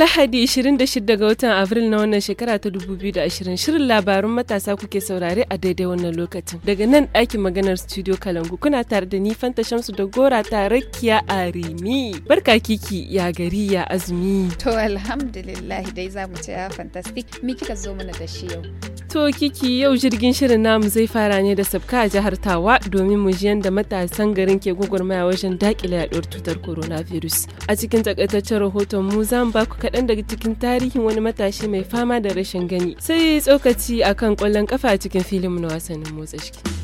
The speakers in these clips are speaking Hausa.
Lahadi 26 ga watan Afril na wannan shekara ta 2020 shirin labarun matasa kuke saurare a daidai wannan lokacin. Daga nan ɗakin maganar studio Kalangu kuna tare da ni Fanta Shamsu da Gora tare Kiya Arimi. Barka kiki ya gari ya azumi. To alhamdulillah dai za mu ce ah, fantastic. mi kika zo mana da shi yau? To kiki yau jirgin shirin namu zai fara ne da sabka a jihar Tawa domin mu ji yadda matasan garin ke gwagwarmaya wajen dakile yaduwar cutar coronavirus. A cikin takaitaccen rahoton mu za mu ba ku kaɗan daga cikin tarihin wani matashi mai fama da rashin gani sai tsokaci akan ƙwallon kafa a cikin filin na wasannin motsa jiki.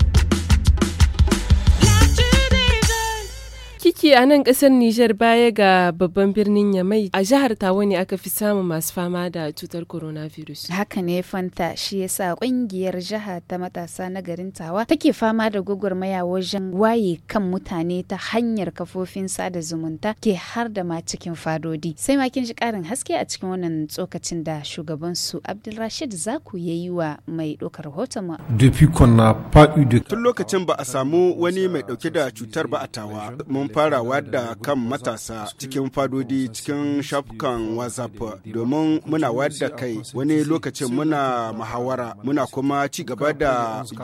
kike a nan kasar Nijar baya ga babban birnin Yamai a jihar Tawa ne aka fi samun masu fama da cutar coronavirus. Haka ne Fanta shi yasa ƙungiyar jiha ta matasa na garin Tawa take fama da gwagwarmaya wajen waye kan mutane ta hanyar kafofin sada zumunta ke har da ma cikin fadodi. Sai ma kin ji karin haske a cikin wannan tsokacin da shugaban su Abdulrashid Zaku yi wa mai ɗaukar rahoton mu. Tun lokacin ba a samu wani mai ɗauke da cutar ba a Tawa. Mun farawa da kan matasa cikin fadodi cikin shafukan WhatsApp domin muna wadda kai wani lokacin muna muhawara muna kuma ci gaba da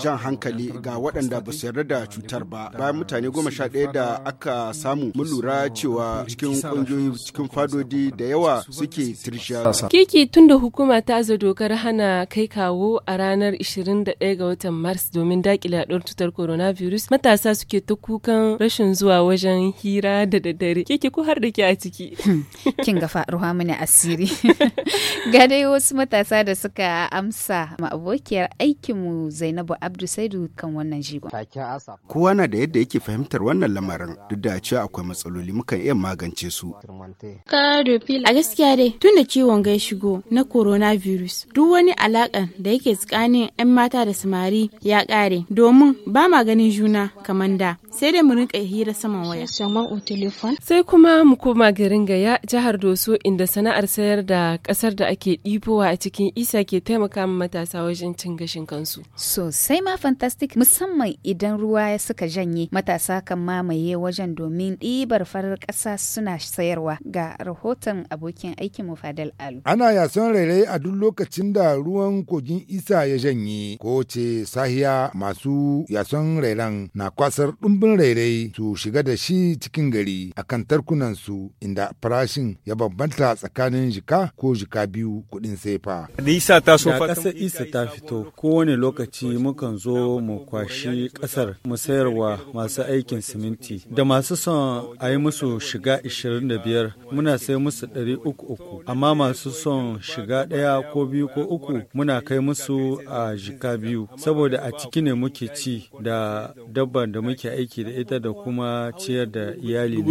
jan hankali ga waɗanda ba su yarda da cutar ba. Bayan mutane goma sha ɗaya da aka samu mun lura cewa cikin ƙungiyoyi cikin fadodi da yawa suke tirsha. Kiki tun da hukuma ta zo dokar hana kai kawo a ranar 21 ga watan Mars domin daƙile yaɗuwar cutar coronavirus matasa suke ta kukan rashin zuwa wajen hira da daddare keke ko har da ke a ciki hmm, kin ga faruwa mini asiri ga dai wasu matasa da suka amsa ma abokiyar aikinmu Zainabu Abdu Saidu kan wannan jigon kowa na da yadda yake fahimtar wannan lamarin duk da cewa akwai matsaloli mukan iya magance su a gaskiya dai tun da ciwon gai shigo na coronavirus duk wani alakan da yake tsakanin 'yan mata da samari ya kare domin ba ma ganin juna kamar da sai dai mu rinka hira saman waya telefon. Sai kuma mu koma garin Gaya jihar Doso inda sana'ar sayar da kasar da ake ɗibowa a cikin isa ke taimaka ma matasa wajen cin gashin kansu. Sosai ma fantastic musamman idan ruwa ya suka janye matasa kan mamaye wajen domin ɗibar farar ƙasa suna sayarwa ga rahoton abokin aikin mu Fadal Alu. Ana yasan rairayi a duk lokacin da ruwan kogin isa ya janye ko ce sahiya masu yasan rairan na kwasar ɗumbin rairayi su shiga da shi cikin gari a akan tarkunansu inda farashin ya bambanta tsakanin jika ko jika biyu kuɗin sefa. Da isa ta so ƙasar isa ta fito kowane lokaci mukan zo mu kwashi ƙasar mu sayarwa masu aikin siminti da masu son a yi musu shiga 25 muna sai musu 300 amma masu son shiga ɗaya ko biyu ko uku muna kai musu a jika biyu saboda a ciki ne muke ci da dabban da muke aiki da ita da kuma ciyar da. da iyali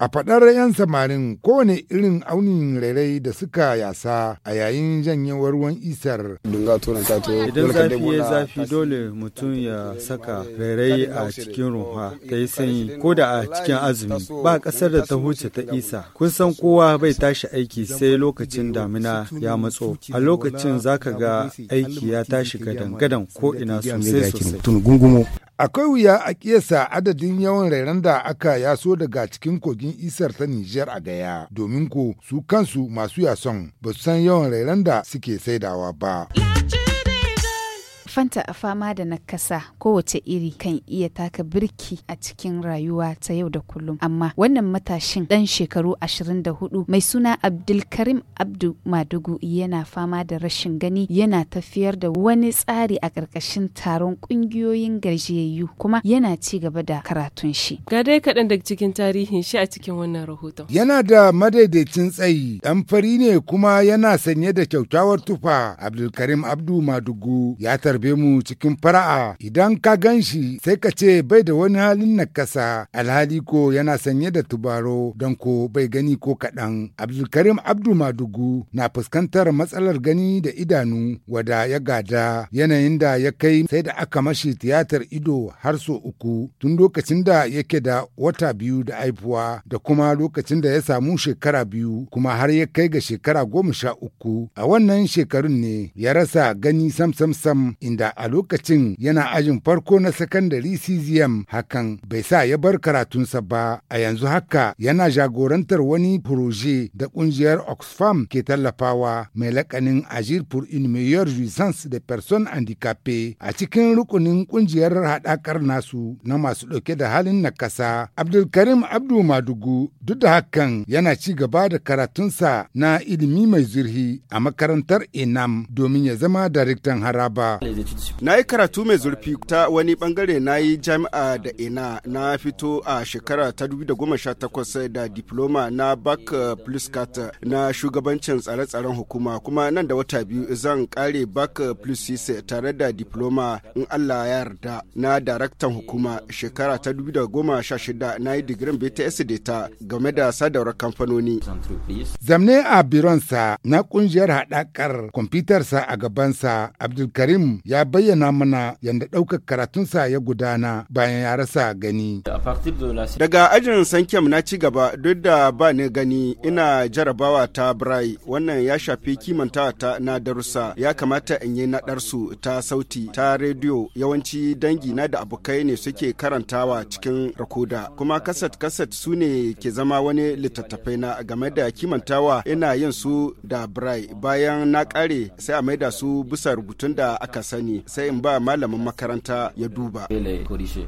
a faɗar 'yan samarin kowane irin aunin rairai da suka yasa a yayin janyewar ruwan isar idan zafi ya zafi dole mutum ya saka rairai a cikin ruwa ta yi sanyi ko da a cikin azumi ba ƙasar da ta huce ta isa kun san kowa bai tashi aiki sai lokacin damina ya matso a lokacin zaka ga aiki ya tashi gadan gadan ko ina sosai sosai Akwai wuya a ƙiyasa adadin yawan rairan da aka yaso daga cikin kogin isar ta Nijar a gaya, domin ko su kansu masu yason ba su san yawan rairan da suke saidawa ba. Fanta a fama da nakasa kowace iri kan iya taka birki a cikin rayuwa ta yau da kullum. Amma wannan matashin ɗan shekaru 24 mai suna Abdulkarim Abdu Madugu yana fama da rashin gani yana tafiyar da wani tsari a ƙarƙashin taron ƙungiyoyin garjiyayyu kuma yana ci gaba da karatun shi. Ga dai kaɗan daga cikin tarihin shi a cikin wannan rahoton. Yana da madaidaicin tsayi, dan fari ne kuma yana sanye da kyaukyawar tufa. Abdulkarim Abdu Madugu ya tar tarbe mu cikin fara'a idan ka gan shi sai ka ce bai da wani halin nakasa alhali ko yana sanye da tubaro don ko bai gani ko kaɗan. Abdulkarim Abdu Madugu na fuskantar matsalar gani da idanu wada ya gada yanayin da ya kai sai da aka mashi tiyatar ido har so uku tun lokacin da yake da wata biyu da haifuwa da kuma lokacin da ya samu shekara biyu kuma har ya kai ga shekara goma sha uku a wannan shekarun ne ya rasa gani sam sam sam inda a lokacin yana ah. ajin farko na sakandare CZM hakan bai sa ya bar karatunsa ba a yanzu haka yana jagorantar wani proje da kungiyar Oxfam ke tallafawa mai lakanin Agir pour une meilleure jouissance des personnes handicapées a cikin rukunin kungiyar haɗakar nasu na masu ɗauke da halin nakasa. Abdulkarim Abdu Madugu duk da hakan yana ci gaba da karatunsa na ilimi mai zurhi a makarantar Enam domin ya zama daraktan haraba. Na yi karatu mai zurfi ta wani bangare na yi jami'a da ina na fito a shekara ta 2018 da diploma na Back Plus na shugabancin tsare-tsaren hukuma kuma nan da wata biyu zan kare Back Plus cc tare da diploma in Allah ya yarda na daraktan hukuma shekara ta 2016 na yi digirin BTS data game da sadarwar kamfanoni. Zamne a bironsa na kungiyar haɗakar kwamfutarsa a gabansa Abdulkarim ya bayyana mana yadda ɗaukar karatunsa ya gudana bayan ya rasa gani. Daga ajin sankem na ci gaba duk da ba ni gani ina jarabawa ta Brai wannan ya shafi kimantawa ta na darussa ya kamata in yi naɗarsu ta sauti ta rediyo yawanci dangi na da abokai ne suke karantawa cikin rakoda kuma kasat kasat su ne ke zama wani littattafai na game da kimantawa ina yin su da Brai bayan na kare sai a maida su bisa rubutun da aka sani. bayani sai in ba malamin makaranta ya duba.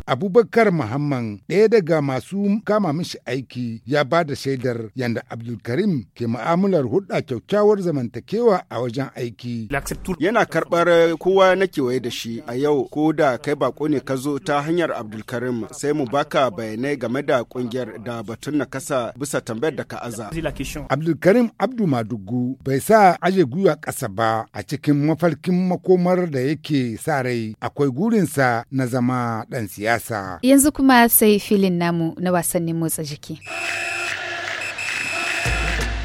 Abubakar Muhammad ɗaya daga masu kama mishi aiki ya ba da shaidar yanda Abdulkarim ke mu'amalar hulɗa kyakkyawar zamantakewa a wajen aiki. Yana karɓar kowa na kewaye da shi a yau ko da kai bako ne ka zo ta hanyar Abdulkarim sai mu baka bayanai game da ƙungiyar da batun na kasa bisa tambayar da ka aza. Abdulkarim Abdu Madugu bai sa aje gwiwa ƙasa ba a cikin mafarkin makomar da yake yake sa rai akwai gurinsa na zama ɗan siyasa. Yanzu kuma sai filin namu na wasannin motsa jiki.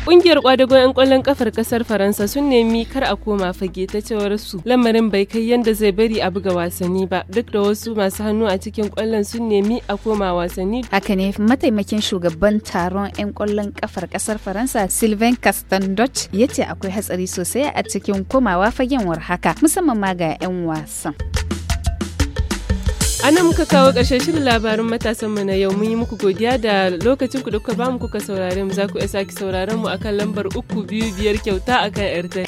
Kungiyar kwadagon 'yan kwallon kafar kasar Faransa sun nemi kar a koma fage ta cewar su lamarin bai kai yadda zai bari a buga wasanni ba duk da wasu masu hannu a cikin kwallon sun nemi a koma wasanni. Haka ne mataimakin shugaban taron 'yan kwallon kafar kasar Faransa Sylvain Castandoch ya ce akwai hatsari sosai a cikin komawa fagen war haka musamman ma ga 'yan wasan. ana muka kawo ƙarshen shirin labarin matasan mu na yau mun yi muku godiya da lokacin ku da kuka bamu kuka saurare mu za ku iya sake sauraron mu akan lambar uku biyu biyar kyauta akan yarda.